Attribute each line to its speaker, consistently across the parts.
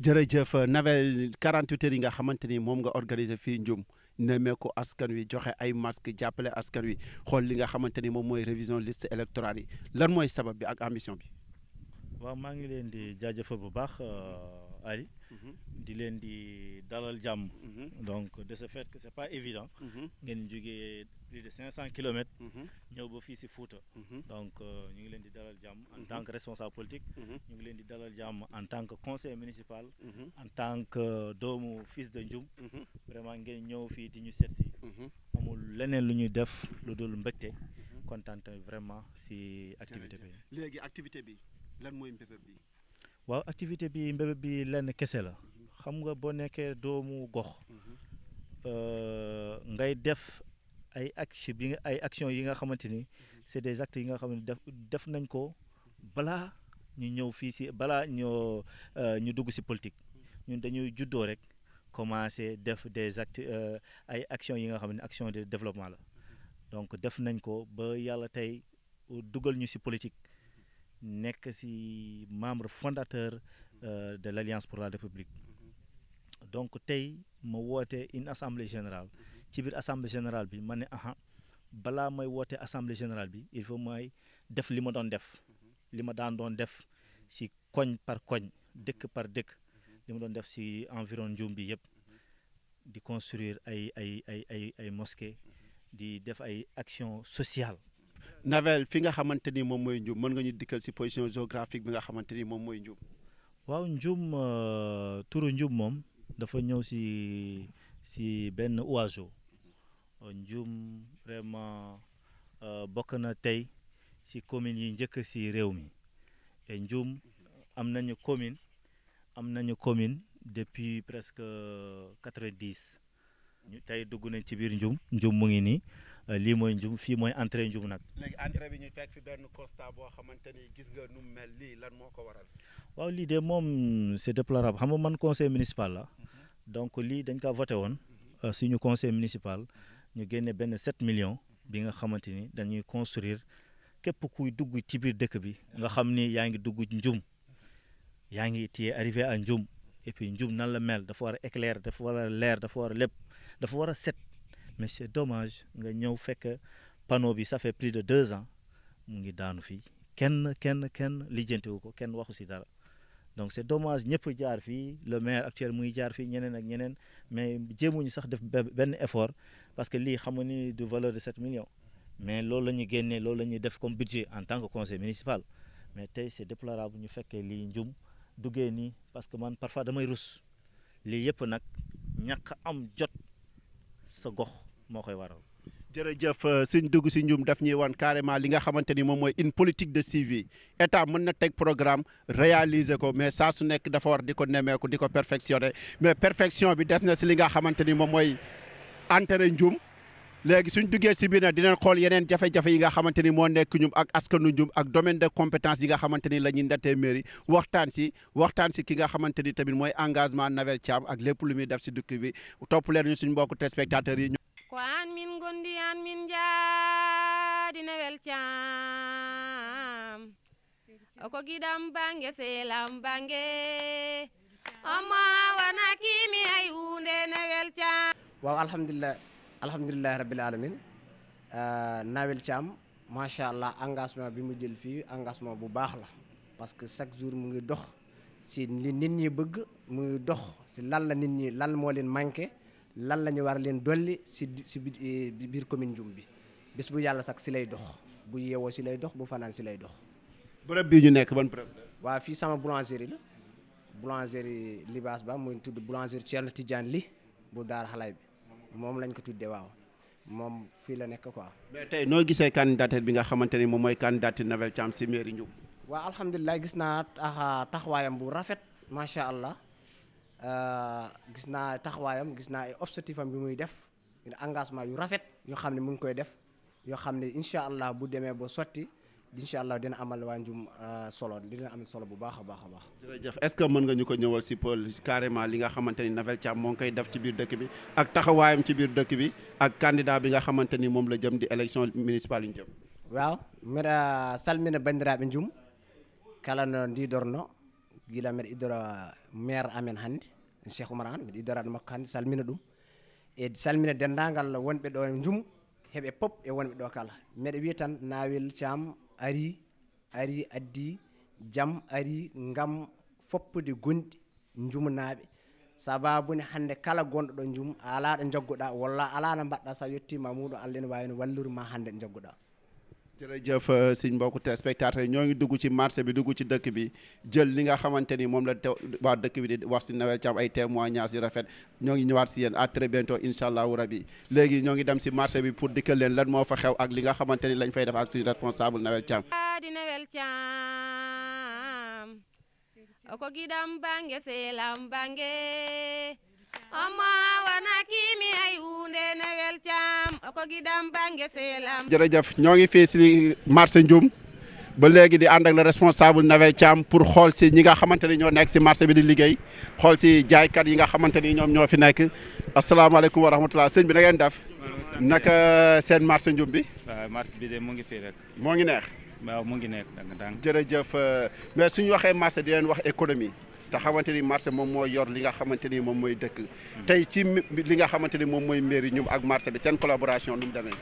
Speaker 1: jërëjëf Navel 48 heures yi nga xamante ni moom nga organiser fii Ndioum ko askan wi joxe ay masque jàppale askan wi xool li nga xamante ni moom mooy révision list électorale yi lan mooy sabab bi ak ambition bi.
Speaker 2: waaw maa ngi leen di jaajëfal bu baax euh, Ali. Mm-hmm. di leen di dalal jàmm. Mm-hmm. donc de ce fait que c' pas évident. Mm-hmm. ngeen jógee plus de 500 ñëw ba fii si Fouta. donc euh, ñu ngi leen di dalal jàmm en tant que responsable politique. ñu ngi leen di dalal jàmm en tant que conseiller municipal. en tant que doomu fils de Ndioum. vraiment ngeen ñëw fii di ñu seet si. amul leneen lu ñuy def lu dul mbégte. kontaan vraiment si activité
Speaker 1: léegi activité bi lan mooy bi.
Speaker 2: waaw activité bi mbébét bi lenn kese la xam nga boo nekkee doomu gox euh, ngay def ay action bi nga ay action yi nga xamante ni c'est des actes yi nga xam ne def def nañ ko balaa ñu ñëw fii si balaa ñoo euh, ñu dugg si politique ñu dañuy juddoo rek commencer def des actes euh, ay action yi nga xam ne action de développement la donc def nañ ko ba yàlla tey dugal ñu si politique nekk si membre fondateur mm-hmm. euh, de l' pour la république mm-hmm. donc tey ma woote une assemblée générale mm-hmm. ci biir assemblée générale bi ma ne aha balaa may woote assemblée générale bi il faut may def li ma doon def li ma daan doon def si koñ par koñ dëkk par dëkk li ma doon def si environ Ndioum bi yëpp di construire ay ay ay ay ay
Speaker 1: mosquée di def ay action sociale Navel fi nga xamante ni moom mooy Ndioum mën nga ñu dikkal si position géographique bi nga xamante ni moom mooy Ndioum. waaw Ndioum euh,
Speaker 2: turu Ndioum moom dafa ñëw si si benn oiseau euh, njuum vraiment euh, bokk na tey ci communes yi njëkk si réew mi et Ndioum am nañu commune am nañu commune depuis presque quatre-vingt-dix ñu tey dugg nañ ci biir Ndioum Ndioum mu ngi nii. Euh, lii mooy njum fii mooy entrée njum nag.
Speaker 1: léegi entrée bi ñu fekk fi benn constat boo xamante ni gis nga nu mel lii lan moo ko waral.
Speaker 2: waaw lii de moom c'est déplorable xam nga man conseil municipal la mhm. donc lii dañ kaa vote woon mhm. euh, suñu conseil municipal mhm. ñu génne benn 7 million bi nga xamante ni dañuy construire képp kuy dugg ci biir dëkk bi nga xam ni yaa ngi dugg njum yaa ngi téye arrivé à njum et puis njum nan la mel dafa war a éclair dafa war leer dafa war lépp dafa war a set. mais c'est dommage nga ñëw fekk panneau bi ça fait plus de deux ans mu ngi daanu fii kenn kenn kenn lijjantiwu ko kenn waxu si dara donc c'est dommage ñëpp jaar fii le maire actuel muy jaar fii ñeneen ak ñeneen mais jéemuñu sax def benn effort parce que lii xamu ni du valeur de sept millions mais loolu la ñuy génnee loolu la ñuy def comme budget en tant que conseil municipal mais tey c'est déplorable ñu fekkee lii njum duggee nii parce que man parfois damay rus lii yëpp nag ñàkk am jot sa gox moo koy
Speaker 1: waral. jërëjëf euh, suñ dugg si njuum daf ñuy wan carrément li nga xamante ni moom mooy une politique de suivi état mën na teg programme réaliser ko mais saa su nekk dafa war di ko nemmeeku di ko perfectionner mais perfection bi des na si li nga xamante ni moom mooy entere njum léegi suñ duggee si biir nag dinañ xool yeneen jafe-jafe yi nga xamante ni moo nekk ñum ak askanu ñum ak domaine de compétence yi nga xamante ni la ñuy ndatee mairie waxtaan si waxtaan si ki nga xamante ni tamit mooy engagement Navel Thiam ak lépp lu muy def si dëkk bi topp leen ñu mbokku téléspectateurs yi
Speaker 3: kundiyaan min jaadina welcaam o ko giɗam bange selam bange omo hawana kimi hay hunde ne welcaam
Speaker 4: waw alhamdulillah alhamdulillahi rabbil alamin nawel thiam machallah engagement bi mu jël fii engagement bu baax la parce que chaque jour mu ngi dox si li nit ñi bëgg mu ngi dox si lan la nit ñi lan moo leen manqué lan la ñu war leen dolli si si eh, biir commune Ndioum bi bis bu yàlla sax si lay dox bu yeewoo si lay dox bu fanaan si lay dox.
Speaker 1: bërëb bii ñu nekk ban bërëb
Speaker 4: la. waa fii sama boulangerie la boulangerie Libaas Ba muy tudd boulangerie Thierno Tidiane li bu Daara bi moom lañ ko tuddee waaw. moom fii la nekk quoi. mais tey
Speaker 1: noo gisee candidature bi nga xamante ni moom mooy candidature Navel Thiam si mairie Ndioum.
Speaker 4: waaw alhamdulilah gis naa ah, taxawaayam bu rafet macha allah Euh, gis naa taxawaayam gis naa ay objectif am muy def engagement yu rafet yoo xam ne mu ngi koy def yoo xam ne incha allah bu demee ba sotti incha allah dina amal waa Ndioum euh, solo dina amal solo bu baax a baax a baax. jërëjëf est-ce
Speaker 1: que mën nga ñu ko ñëwal si Paul carrément li nga xamante ni Navel Thiam moom koy def ci biir dëkk bi ak taxawaayam ci biir dëkk bi ak candidat bi nga xamante ni moom la jëm di élection municipale yu ñu jëm.
Speaker 4: waaw mbiɗa salmina bandiraɓe jum kala no guila mbeɗa iddora maire amen hannde cheikh oumar an mbiɗa iddoraɗo makko hannde salmina ɗum e salmina denndaangal wonɓe ɗo e jum heɓe pop e wonɓe ɗo kala mbeɗa wiya tan naawel caam ari ari addi jam ari ngam foppude gonɗi jumnaaɓe sababune hannde kala gonɗo ɗo jum alaa ɗo jagguɗa walla alaa no mbaɗɗa so a allah ene wawi no walliruma hannde ɗo
Speaker 1: jërëjëf euh, suñ mbokku téléspectateurs yi ñoo ngi dugg ci marché bi dugg ci dëkk bi jël li nga xamante ni moom la te waa dëkk bi di wax si Noël Thiam ay témoignages yu rafet ñoo ngi ñëwaat si yéen à très bientôt incha allahu rabi léegi ñoo ngi dem si marché bi pour dikkal leen lan moo fa xew ak li nga xamante ni lañ fay def ak suñu responsable Noël Thiam
Speaker 3: di Noël Thiam bange selam bange
Speaker 1: a jërëjëf ñoo ngi fi si marché Ndioum ba léegi di ànd ak le responsable Navel caam pour xool si ñi nga xamante ni ñoo nekk si marché bi di liggéey xool si jaaykat yi nga xamante ni ñoom ñoo fi nekk asalaamaaleykum wa rahmatulah sëñ bi na ngeen def. naka seen marché Ndioum bi. waaw bi de mu ngi fii rek. moo ngi neex. mu ngi neex dang dang. jërëjëf euh, mais suñu waxee marché di leen wax économie. te xamante ni marché moom moo yor li nga xamante ni moom mooy dëkk tey ci li nga xamante ni moom mooy mairie ñum ak marché bi seen collaboration nu mu demee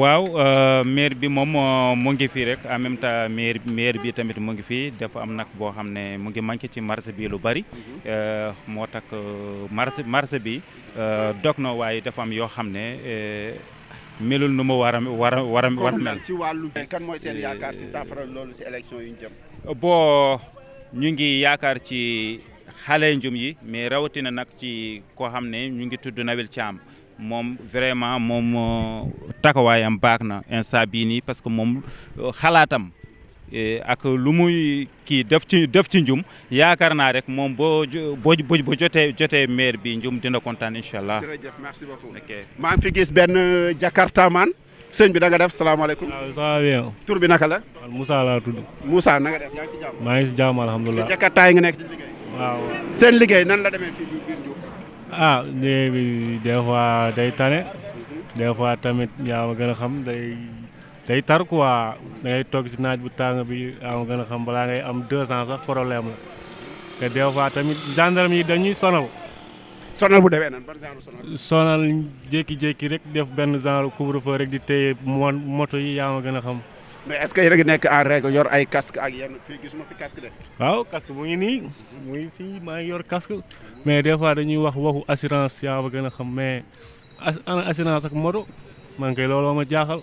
Speaker 5: waaw euh, maire bi moom moo euh, mu ngi fii rek en même temps
Speaker 2: maire maire bi tamit mu ngi fii dafa am nag boo xam ne mu ngi manqué ci marché bi lu bari euh, moo tax marché marché bi dog na waaye dafa am yoo xam ne melul nu ma war a war a war a war a mel
Speaker 1: si wàllu kan mooy seen yaakaar si saafara loolu si élection yu ñu jëm
Speaker 2: ñu ngi yaakaar ci xale njum yi mais rawatina nag ci koo xam ne ñu ngi tudd Nabil Thiam moom vraiment moom euh, taxawaayam baax na instant bii nii parce que moom euh, xalaatam euh, ak lu muy kii def ci def ci njum yaakaar naa rek moom boo boo boo jotee jotee maire bi njum dina kontaan incha allah.
Speaker 1: jërëjëf merci Jakarta man. sëñ bi da nga def salaamaaleykum. waaw tur bi naka la. Moussa laa tudd. na nga
Speaker 5: maa ngi si jàmm alhamdulilah si
Speaker 1: jakartaay nga liggéey. seen liggéey nan la demee fii biir Ndiour.
Speaker 5: ah liggéey day tane. des tamit yaa ma gën a xam day day tar quoi da ngay toog si naaj bu tàng bi yaa ma gën a xam balaa ngay am deux ans sax problème la te tamit gendarme yi dañuy sonal. sonal bu demee nan ban genre sonal. sonal jékki-jékki rek def benn genre couvre-feu rek di téye moto yi yaa gën a xam. mais est-ce que yéen nekk en règle yor ay casque ak yenn gis gisuma fi casque de. waaw casque mu ngi nii mu ngi fii maa ngi yor casque mais des fois dañuy wax waxu assurance yaa ma gën a xam mais ana assurance ak
Speaker 1: moto man kay looloo ma jaaxal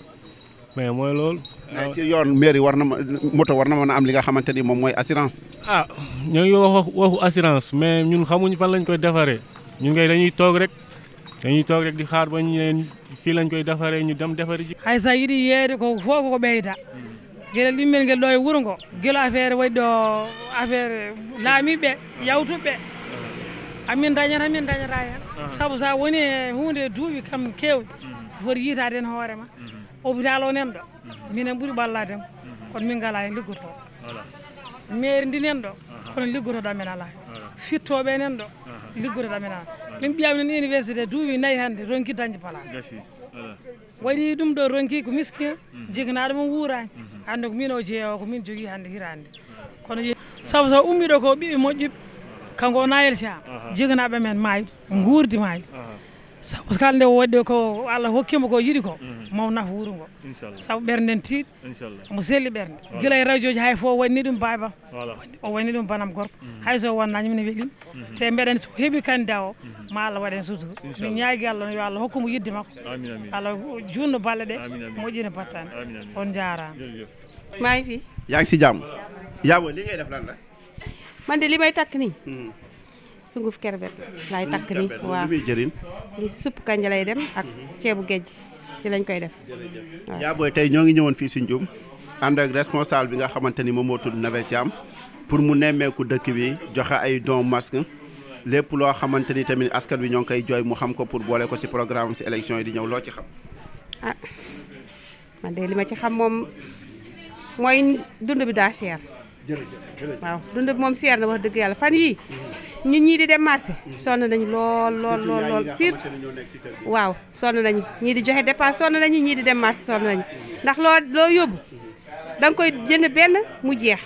Speaker 1: mais mooy loolu. mais ci yoon mairie war na ma moto war na mën a am li nga xamante ni moom mooy assurance.
Speaker 5: ah ñoo ngi wax waxu assurance mais ñun xamuñ fan lañ koy defaree. ñun ngay dañuy toog rek dañuy toog rek di xaar ba ñu leen
Speaker 6: fii lañ koy defaree
Speaker 5: ñu dem defari ji
Speaker 6: hay sa yiɗi yeede ko fof ko ɓeyda gueɗe limmel ngel ɗo e wuuro ngo guila affaire waɗi ɗo affaire laamiɓe yawtuɓe amin dañata amin dañata hen saabu sa woni e hunde duuɓi kam kewɗi mhm. foti yiitade hen hoorema mhm. hôpital o nan ɗo mhm. minen ɓuuri ɓalladema kono min ngala hen liggoto mairie ndi nan ɗo kono liggotoɗo amen ala fittoɓe enen ɗo liggotoɗo amen ala min ɓiyami noon université duuɓi nayyi hannde ronki dañde place waɗi ɗum ɗo ronki ko miskine mhm. jiganaɗo mum wuurani hannde mhm. ko min o jeeyowo ko min jogui hannde hirande kono sabu so ummiɗo ko ɓiɓe moƴƴuɓe kanko o nayel ca jiganaɓe men maayde guurdi maayde sabu ko nde wadde ko allah hokkima ko yiiɗi ko mhm. maw nafa wuuro ngo saabu ɓerde en tiiɗi omo selli ɓerde e radio ji hay fof wanni ɗum baaba o wanni ɗum banam gorko mhm. hay so wonnani mine weelim te mhm. mbeɗen so heeɓi candidat o ma allah waɗen suturo min ñaagui allah yo allah hokkamo yidde makko allah junno balle ɗe moƴƴina battane on jarama mayi fi
Speaker 1: yaagi si jaam
Speaker 7: sunguf kerbet laay takk ni waaw
Speaker 1: li
Speaker 7: si supp kanja lay dem ak mhm. ceebu géej ci lañ koy def
Speaker 1: waaw yaa booy tey ñoo ngi ñëwoon fii si Ndioum ànd ak responsable bi nga xamante ni moom moo tudd Navel Thiam pour mu nemmeeku dëkk bi joxe ay don masque lépp loo xamante ni tamit askan wi ñoo ngi koy jooy mu xam ko pour boole ko si programme si élection yi di ñëw loo ci
Speaker 4: xam
Speaker 7: ah man de li ci xam moom mooy dund bi daa cher
Speaker 4: jërëjëf
Speaker 7: waaw dund bi moom seer na wax dëgg yàlla fan yii mhm. ñun ñii di dem marché sonn nañu lool lool lool lool
Speaker 1: surtout
Speaker 7: waaw sonn nañu ñii di joxe dépense sonn nañu ñii di dem marché sonn nañu ndax loo loo yóbbu da nga koy jënd benn mu jeex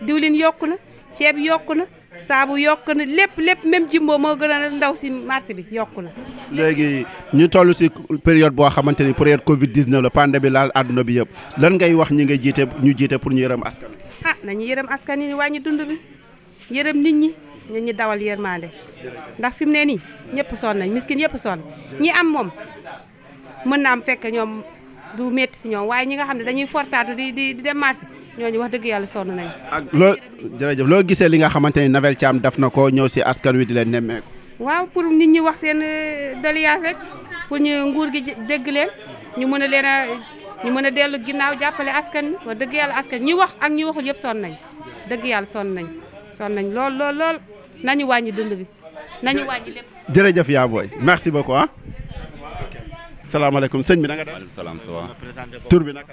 Speaker 7: diwlin yokk na ceeb yokk na saabu yokk na lépp lépp même jimbo moo gën a ndaw si marché bi yokku na.
Speaker 1: léegi ñu tollu si période boo xamante ni période Covid 19 la pandémie bi laal àdduna bi yëpp lan ngay wax ñi nga jiite ñu jiite pour ñu yërëm askan wi.
Speaker 7: ah nañu yërëm askan wi wàññi dund bi yërëm nit ñi dawal yërmande ndax fi mu ne nii ñëpp sonn nañ miskin yëpp sonn ñi am moom mën na am fekk ñoom du métti si ñoom waaye ñi nga xam ne dañuy fortaatu di di di dem marché ñooñu wax dëgg yàlla sonn nañ ak
Speaker 1: loo jërëjëf loo gisee li nga xamante ni Navel Thiam daf na ko ñëw si askan wi di leen nemmeeku.
Speaker 7: waaw pour nit ñi wax seen euh, doléance rek pour ñu nguur gi dégg leen ñu mën a leen a ñu mën a dellu ginnaaw jàppale askan wax dëgg yàlla askan ñi wax ak ñi waxul yëpp sonn nañ dëgg yàlla sonn nañ lool lool. nañu wàññi dund bi nañu wàññi lépp.
Speaker 1: jërëjëf yaa booy merci beaucoup ah. salaamaaleykum sëñ bi na nga def. salaam ça va. tur bi naka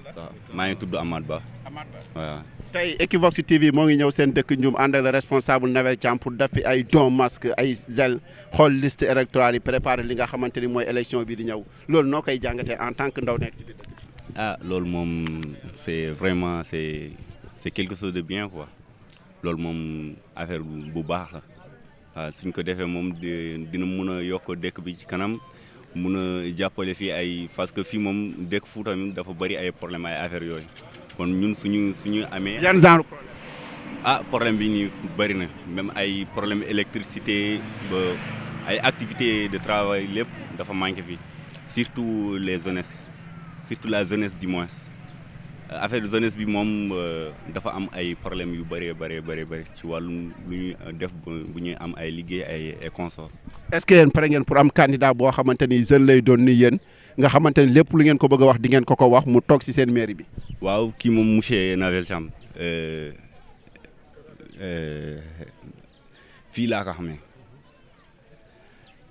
Speaker 1: maa
Speaker 8: ngi tudd Amath Ba. Amath Ba waaw.
Speaker 1: tey Equivox TV moo ngi ñëw seen dëkk Ndioum ànd ak le responsable Navel Thiam pour def ay don masque ay gel xool list électorale yi préparer li nga xamante ni mooy élection bi di ñëw loolu noo koy jàngatee en tant que ndaw nekk ci
Speaker 8: ah loolu moom c'est vraiment c'est c'est quelque chose de bien quoi loolu moom affaire bu baax la. waaw ah, suñ ko defee moom dina mun a yokk dëkk bi ci kanam mun a jàppale fii ay parce que fii moom dëkk Fuuta mi dafa bëri ay problème ay affaire yooyu kon ñun suñu suñu amee. yan genre problème. ah problème bi ñu bëri na même ay problème électricité ba ay activité de travail lépp dafa manqué fii surtout les jeunesses surtout la jeunesse du moins. affaire jeunesse bi moom euh, dafa am ay problème yu bëree bëree bëri bëri ci wàllum lu ñuy def bu ñuy am ay liggéey ay ay consort
Speaker 1: est-ce que yéen pare ngeen pour am candidat boo xamante ni jeune lay doon ni yéen nga xamante ni lépp lu ngeen ko bëgg a wax di ngeen ko ko wax mu toog si seen mairie bi.
Speaker 8: waaw kii moom monsieur Navel Thiam euh, euh, fii laa ko xamee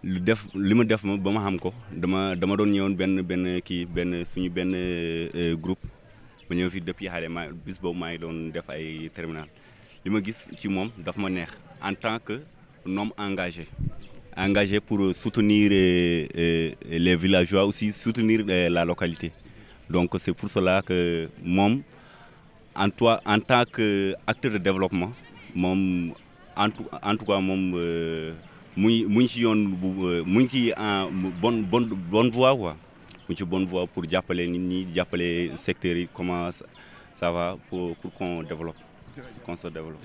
Speaker 8: lu def li ma def ma ba ma xam ko dama dama doon ñëwoon benn benn kii benn suñu benn groupe. ma ñëw fi depuis xale maa bis boobu ngi doon def ay terminal li ma gis ci moom dafa ma neex en tant que homme engagé engagé pour soutenir euh, euh, les villageois aussi soutenir euh, la localité donc c'est pour cela que moom en toi en tant que acteur de développement moom en tout en tout cas moom mu ngi mu ngi ci yoon bu mu ci en bonne bonne bonne voie quoi mu ci bonne voie pour jàppale nit ñi jàppale secteurs yi comment ça va pour développe qu'on se développe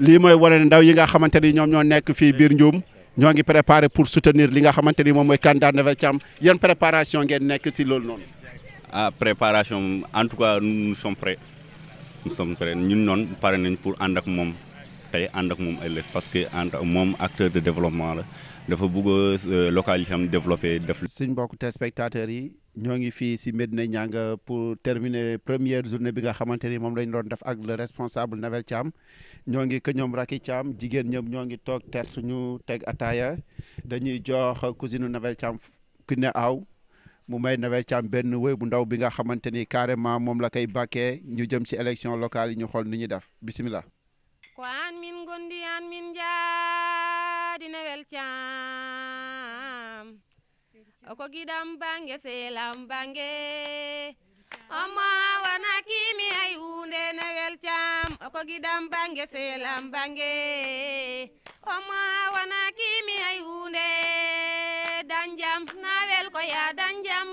Speaker 1: lii mooy wane ne ndaw yi nga xamante ni ñoom ñoo nekk fii biir Ndioum ñoo ngi préparé pour soutenir li nga xamante ni moom mooy candidat Ndefleng Thiam yan préparation ngeen nekk
Speaker 8: si loolu noonu ah préparation en tout cas nous sommes prêts nous sommes prêts ñun noonu pare nañ pour ànd ak moom tey ànd ak moom ëllëg parce que ànd moom acteur de développement la dafa bëgg a euh, local yi xam développé def. suñ mbokk yi
Speaker 1: ñoo ngi fii si Medina Nianga pour terminer première journée bi nga xamante ni moom lañ doon def ak le responsable Navel Thiam ñoo ngi kë ñoom Raki Thiam jigéen ñoom ñoo ngi toog ter ñu teg ataaya dañuy jox cousine Navel Thiam ki ne aw mu may Navel Thiam benn wéy bu ndaw bi nga xamante ni carrément moom la koy bàkkee ñu jëm si élection locale yi ñu xool ni ñuy def bisimilah.
Speaker 3: dina welcam o ko giɗam bange selam bange omo wona kimi hay hunde ne welcam o ko giɗam bange selam bange omo wona kimi hay hunde dañjam nawel ko ya dañjam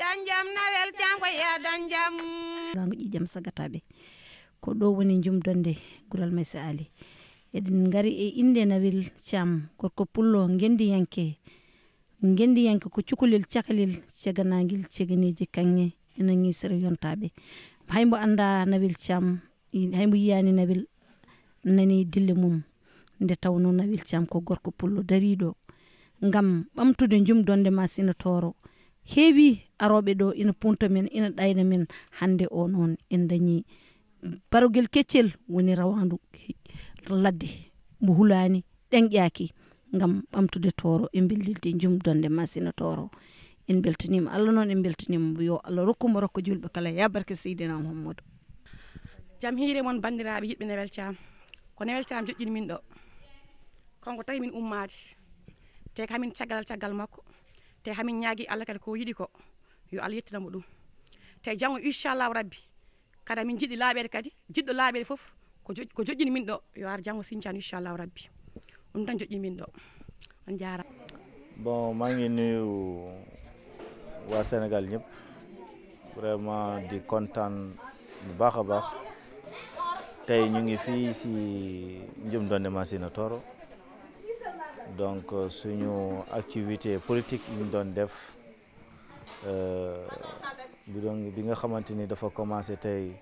Speaker 3: dañjam nawel cam ko ya dañjam
Speaker 7: rango ƴiƴam sagataɓe ko ɗo woni jumdonde gural maysa ali eɗen gari e inde nawel cam gorko pullo gendiyanke gendiyanke ko cukalel cakalel ceganaguel ceganeji kanŋe enen gisere yontaɓe haymo anda nawel cam haymo yiyani nawel nani dille mum nde tawno nawel cam ko gorko pullo dariɗo ngam ɓamtude jumdonde ma sina toro heewi aroɓe ɗo ina punta men ina ɗayna men hande o noon en dañi barogel keccel woni rawandu ladde mbo hulani ɗen ƴaaki ngam ɓamtude toro e bellilde jumdonde masina toro en beltanima allah noon en beltanima yo allah rokkumo rokka julɓe kala ya barke seydina mouhammadou jaam hiire moon bandiraɓe yiɗɓe newel cam ko newel cam joƴƴini min ɗo konko tawi min ummade te hamin caggal caggal makko te hamin ñaagui allah kadi ko yiɗi ko yo allah yettinamo ɗum te janggo inchallahu rabbi kada min jiɗi laaɓede kadi jiɗɗo laaɓede foof ko ko joƴƴini min ɗo yo ar janngo sincane inchallahu rabbi ɗum tan joƴƴi min ɗo on jarama
Speaker 2: bon maa ngi nuyu waa Sénégal ñëpp vraiment di kontaan bu baax a baax tey ñu ngi fii si Njum Donde na Toro donc euh, suñu activité politique yi doon def euh, bi doon bi nga xamante ni dafa commencé tey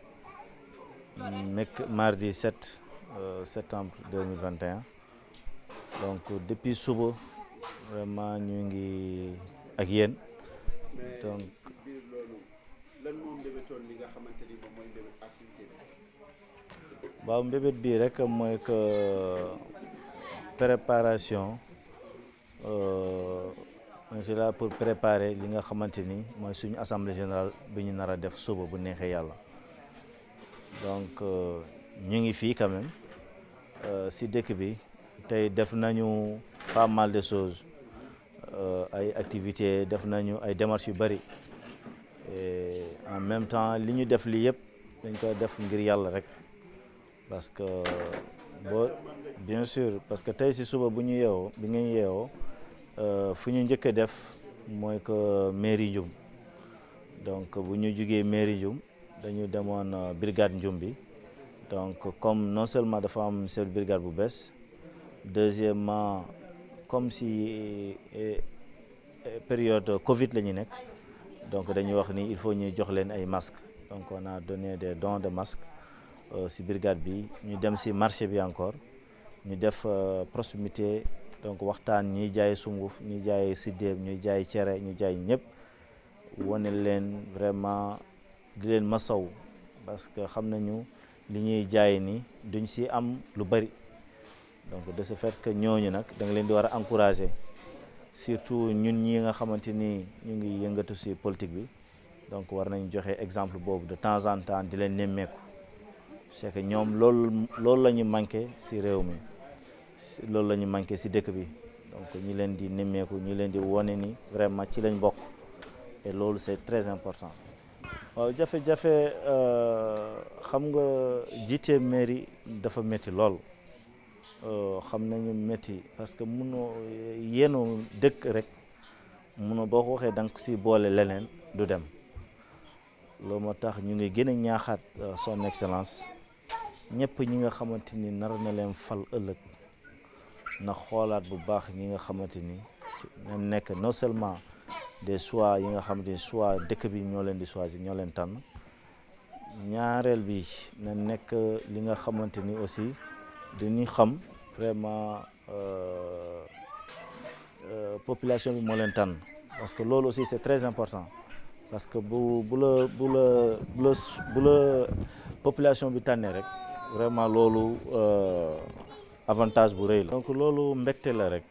Speaker 2: nekk mardi 7 euh, septembre 2021 donc depuis suba vraiment ñu ngi ak yéen donc waaw mbébét bii rek mooy que préparation euh, on est pour préparer li nga xamante ni mooy suñu assemblée général bi ñu nar a def suba bu neexee yàlla donc euh, ñu ngi fii quand même euh, si dëkk bi tey def nañu pas mal de choses euh, ay activités def nañu ay démarches yu bëri e en même temps li ñu def lii yëpp dañ koy def ngir yàlla rek parce que boo bien sûr parce que tey si suba bu ñu yeewoo bi ngeen yeewoo fu ñu njëkk a def mooy que mairie Ndioum donc bu ñu jugee mairie Ndioum dañu demoon euh, brigade Njumbi donc comme non seulement dafa am chef brigade bu bees deuxièmement comme si euh, euh, période Covid la ñu nekk donc dañuy wax ni il faut ñuy jox leen ay masques donc on a donné des dons de masques ci brigade bi ñu dem ci marché bi encore ñu def proximité donc waxtaan ñuy jaay sunguf ñuy jaay siddeem ñuy jaay cere ñuy jaay ñëpp wane leen vraiment. di leen masaw parce que xam nañu li ñuy jaay ni duñ si am lu bari donc de ce fait que ñooñu nag da leen di war a encourager surtout ñun ñi nga xamante ni ñu ngi yëngatu si politique bi donc war nañ joxe exemple boobu de temps en temps di leen nemmeeku c'est que ñoom loolu loolu la ñu manqué si réew mi loolu la ñu manqué si dëkk bi donc ñi leen di nemmeeku ñi leen di wone ni vraiment ci lañ bokk et loolu c'est très important waaw jafe-jafe euh, xam nga jiite mairie dafa métti lool euh, xam nañu métti parce que munoo yenoo dëkk rek munoo boo ko waxee da si boole leneen du dem loolu moo tax ñu ngi gën a ñaaxaat euh, son excellence ñëpp ñi nga xamante ni nar na leen fal ëllëg na xoolaat bu baax ñi nga xamante ni na nekk non seulement des choix yi nga xamante ni choix dëkk bi ñoo leen di choisir ñoo leen tànn ñaareel bi na nekk li nga xamante ni aussi dañuy xam vraiment euh, euh, population bi moo leen tànn parce que loolu aussi c'est très important parce que bu bu la bu la bu la population bi tànnee rek vraiment loolu euh, avantage bu rëy la. donc loolu mbégte la rek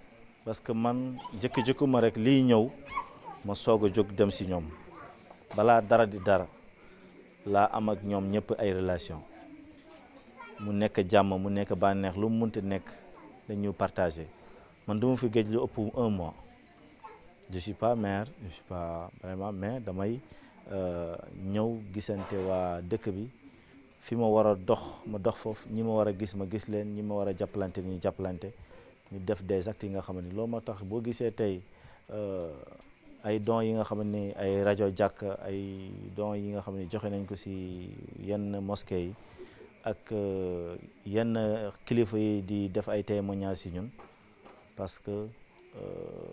Speaker 2: parce que man jëkki-jëkku rek lii ñëw. ma soog a jóg dem si ñoom balaa dara di dara laa am ak ñoom ñëpp ay relation mu nekk jàmm mu nekk bànneex lu mu munti nekk dañu partagé man du ma fi géej lu ëpp un mois je suis pas maire je suis pas vraiment mais damay euh, ñëw gisante waa dëkk bi fi ma war a dox ma dox foofu ñi ma war a gis ma gis leen ñi ma war a jàppalante ñu jàppalante ñu def des yi nga xam ni loo ma tax boo gisee tey euh, ay dons yi nga xam ni ay rajo jàkk ay dons yi nga xam ne joxe nañ ko si yenn mosquée yi ak euh, yenn kilifa yi di def ay témoignages si ñun parce que euh,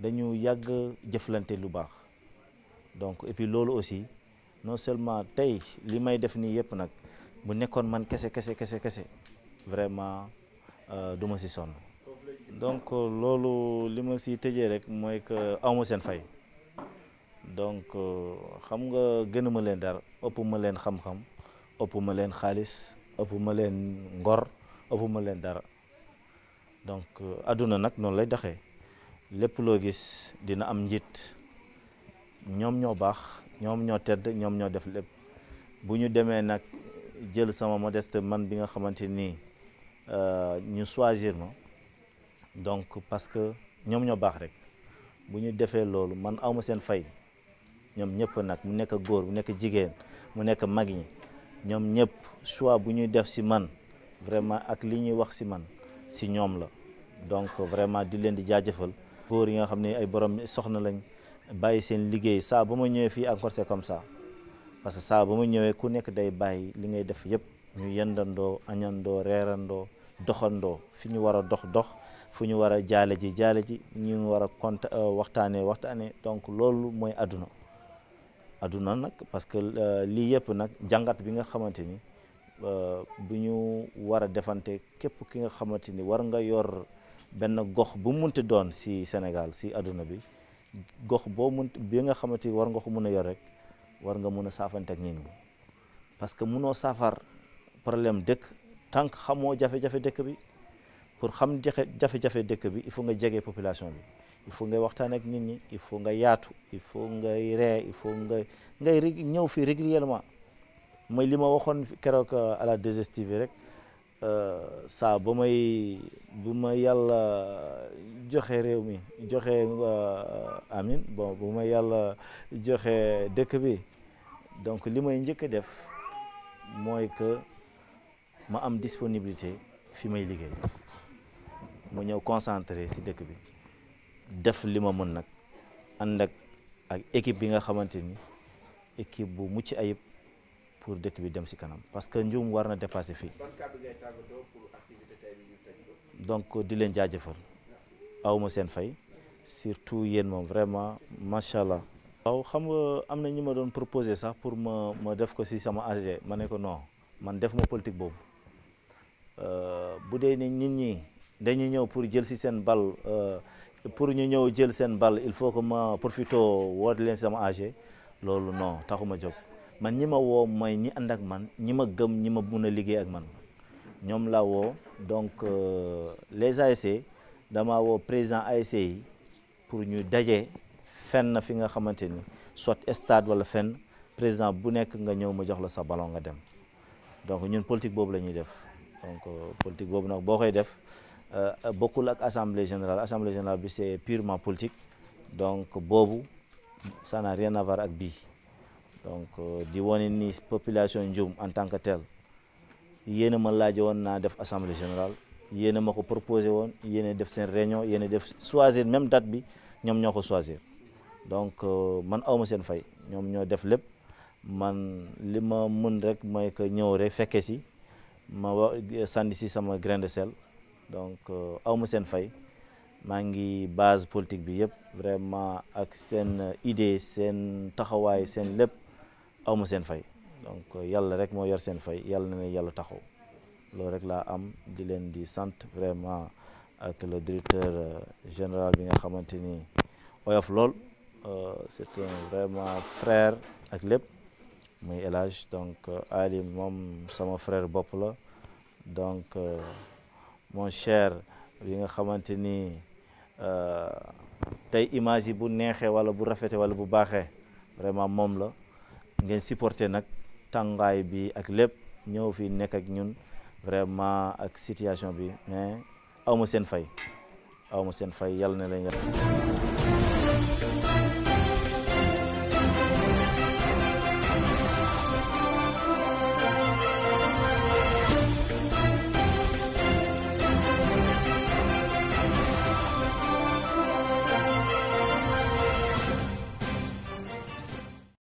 Speaker 2: dañu yàgg jëflante lu baax donc et puis loolu aussi non seulement tey li may def nii yëpp nag bu nekkoon man kese kese kese kese vraiment euh, du ma si sonn. donc loolu li ma si tëjee rek mooy que awma seen fay donc euh, xam nga gënu ma leen dara ëpp ma leen xam-xam ëpp ma leen xaalis ëpp ma leen ngor ëpp ma leen dara donc euh, àdduna nag noonu lay doxee lépp loo gis dina am njiit ñoom ñoo baax ñoom ñoo tedd ñoom ñoo def lépp bu ñu demee nag jël sama modeste man bi nga xamante nii euh, ñu choisir ma donc parce que ñoom ñoo baax rek bu ñu defee loolu man awma seen fay ñoom ñëpp nag mu nekk góor mu nekk jigéen mu nekk mag ñi ñoom ñëpp choix bu ñuy def si man vraiment ak li ñuy wax si man si ñoom la donc vraiment di leen di jaajëfal góor yi nga xam ne ay borom soxna lañ bàyyi seen liggéey saa ba ma ñëwee fii encore c'est comme ça parce que saa ba ma ñëwee ku nekk day bàyyi li ngay def yëpp ñu yendandoo añandoo reerandoo doxandoo fi ñu war a dox dox fu ñu war a jaale ji jaale ji ñu war a konta euh, waxtaanee waxtaanee donc loolu mooy àdduna adduna nag parce que euh, lii yëpp nag jàngat bi nga xamante ni euh, bu ñu war a defante képp ki nga xamante ni war nga yor benn gox bu munti doon si Sénégal si àdduna bi gox boo munti bi nga xamante ni war nga ko mun a yor rek war nga mun a saafante ak nit parce que munoo saafar problème dëkk tant xamoo jafe-jafe dëkk bi. pour xam jafe-jafe dëkk bi il faut nga jege population bi il faut ngay waxtaan ak nit ñi il faut nga yaatu il faut ngay ree il faut nga ngay ñëw fii régulièrement mooy li ma waxoon keroog euh, à la 2 rek euh, saa ba may bu ma yàlla joxe réew mi joxe euh, amin bon bu ma yàlla joxe dëkk bi donc li may njëkk a def mooy que ma am disponibilité fi may liggéey ma ñëw concentré si dëkk bi def li ma mën nag ànd ak ak équipe bi nga xamante ni équipe bu mucc ayib pour dëkk bi dem si kanam parce que njuum war na dépasser fii donc di leen jaajëfal awma seen fay surtout yéen moom vraiment macha allah. waaw xam nga am na ñu ma doon proposé sax pour ma ma def ko si sama AG ma ne ko non man def ma politique boobu euh, bu dee ne nit ñi. dañuy ñëw pour jël si seen bal euh, pour ñu ñëw jël seen bal il faut que ma profité woote leen sama age loolu no taxuma jóg man ñi ma woo mooy ñi ànd ak man ñi ma gëm ñi ma mun a liggéey ak man ñoom laa woo donc euh, les ASC dama woo président ASC yi pour ñu daje na fi nga xamante ni soit stade wala fenn président bu nekk nga ñëw ma jox la sa ballon nga dem donc ñun politique boobu la ñuy def donc euh, politique boobu nag boo koy def Euh, euh, bokkul ak assemblée général assemblée générale bi c'est purement politique donc boobu ça n'a rien ak bii donc euh, di wane ni population Ndioum en tant que tel yéen a ma laaje woon naa def assemblée général yéen a ma ko proposé woon yéen def seen réunion yéen a def choisir même date bi ñoom ñoo ko choisir donc man awma seen fay ñoom ñoo def lépp man li ma mën rek mooy que ñëw rek fekke si ma wa sànni si sama grain de donc euh, aw seen fay maa ngi base politique bi yëpp vraiment ak seen idée seen taxawaay seen lépp awma seen fay donc euh, yàlla rek moo yor seen fay yàlla na ne yàlla taxaw loolu rek laa am di leen di sant vraiment ak le directeur euh, général bi nga xamante ni oyof lool c'est un vraiment frère ak lépp muy El Hadj donc Ali moom sama frère bopp la donc. mon cher yi nga xamante ni euh, tey image yi bu neexee wala bu rafete wala bu baaxee vraiment moom la ngeen supporter nag tàngaay bi ak lépp ñëw fi nekk ak ñun vraiment ak situation bi mais aw ma seen fay aw ma seen fay yàlla na leen yàlla